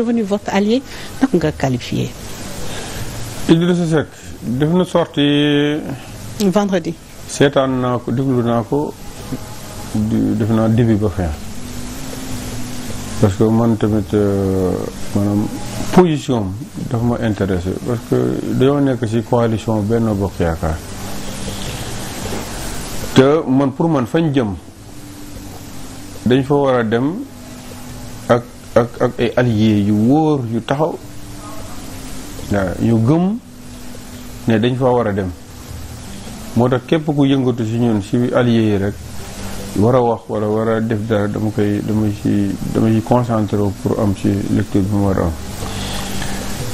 devenu votre allié naka nga qualifié. Idrissa Seck def na sorti. seetaan naa ko déglu naa ko def naa début ba fin parce que man tamit euh, maanaam position dafa ma intéressé parce que dañoo nekk ci coalition Benno Bokk Yaakaar te man pour man fañ jëm dañ fa war a dem ak. ak ak ay alliés yu wóor yu taxaw waaw yu gëm ne dañ fa war a dem moo tax képp ku yëngatu ci ñun ci alliés yi rek war a wax wala war a def dara dama koy dama ci dama ci concentré pour am ci lecture bi mu war a am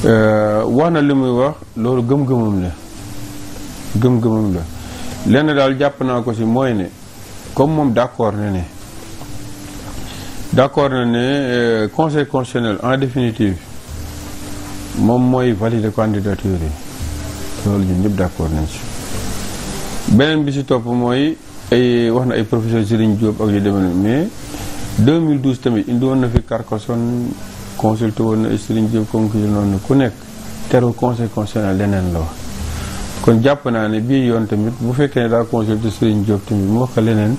euh, wax na li muy wax loolu gëm-gëmam la gëm-gëmam la lenn daal jàpp naa ko ci mooy ne comme moom d'accord na ne d'accord na ne euh, conseil constitutionnel en définitive moom mooy valider candidature yi loolu ñun ñëpp d'accord nañ ci beneen bi si topp mooy ay wax na ay professeur Serigne Diop ak yu demee mais 2012 tamit indi woon na fi Carcassonne consulté woon na Serigne Diop conclure noonu ku nekk teru conseil constitutionnel leneen la wax kon jàpp naa ne bii yoon tamit bu fekkee ne daa consulté Serigne Diop tamit mu wax leneen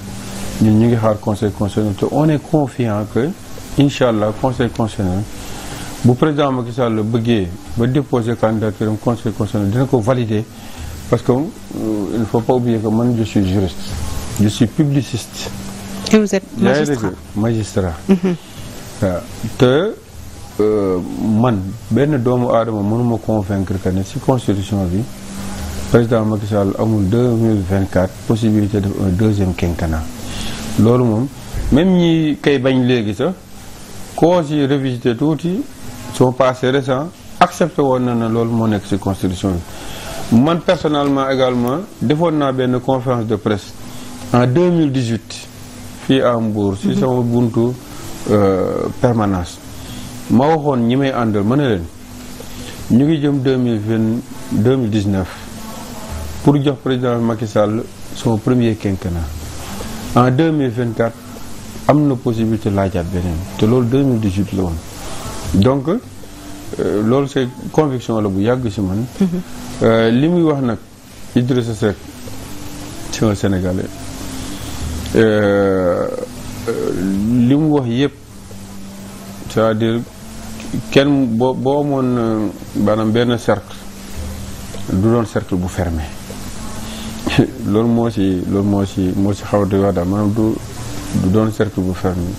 ñu ñu ngi xaar conseil constitutionnel te on que incha allah conseil bu président Macky Sall bëggee ba déposer candidature am conseil constitutionnel dina ko valider parce que euh, il faut pas man je suis juriste je suis magistrat mhm. te euh, man benn doomu aadama mënuma convaincre que ne ci constitution bi président Macky Sall amul 2024 possibilité de un deuxième quinquennat. loolu moom même ñi kay bañ léegi sax koo si révisité tuuti soo passé récent accepté woon na ne loolu moo nekk si constitution bi man personalement également defoon naa benn conférence de presse en 2018 fii à Mbour si mhm. sama buntu euh, permanence ma waxoon ñi may àndal ma ne leen ñu ngi jëm 2020 2019 pour jox président Macky Sall son premier quinquennat en 2024 am na possibilité laajaat beneen te loolu 2018 donc euh, loolu c'est conviction la bu yàgg si man mhm. euh, li muy wax nag Idrissa Seck c'est un Sénégalais euh, li mu wax yépp c'est-à-dire kenn boo boo amoon maanaam benn cercle du doon cercle bu fermé loolu moo ci loolu moo ci moo ci xaw a doy wax daal maanaam du du doon bu fermé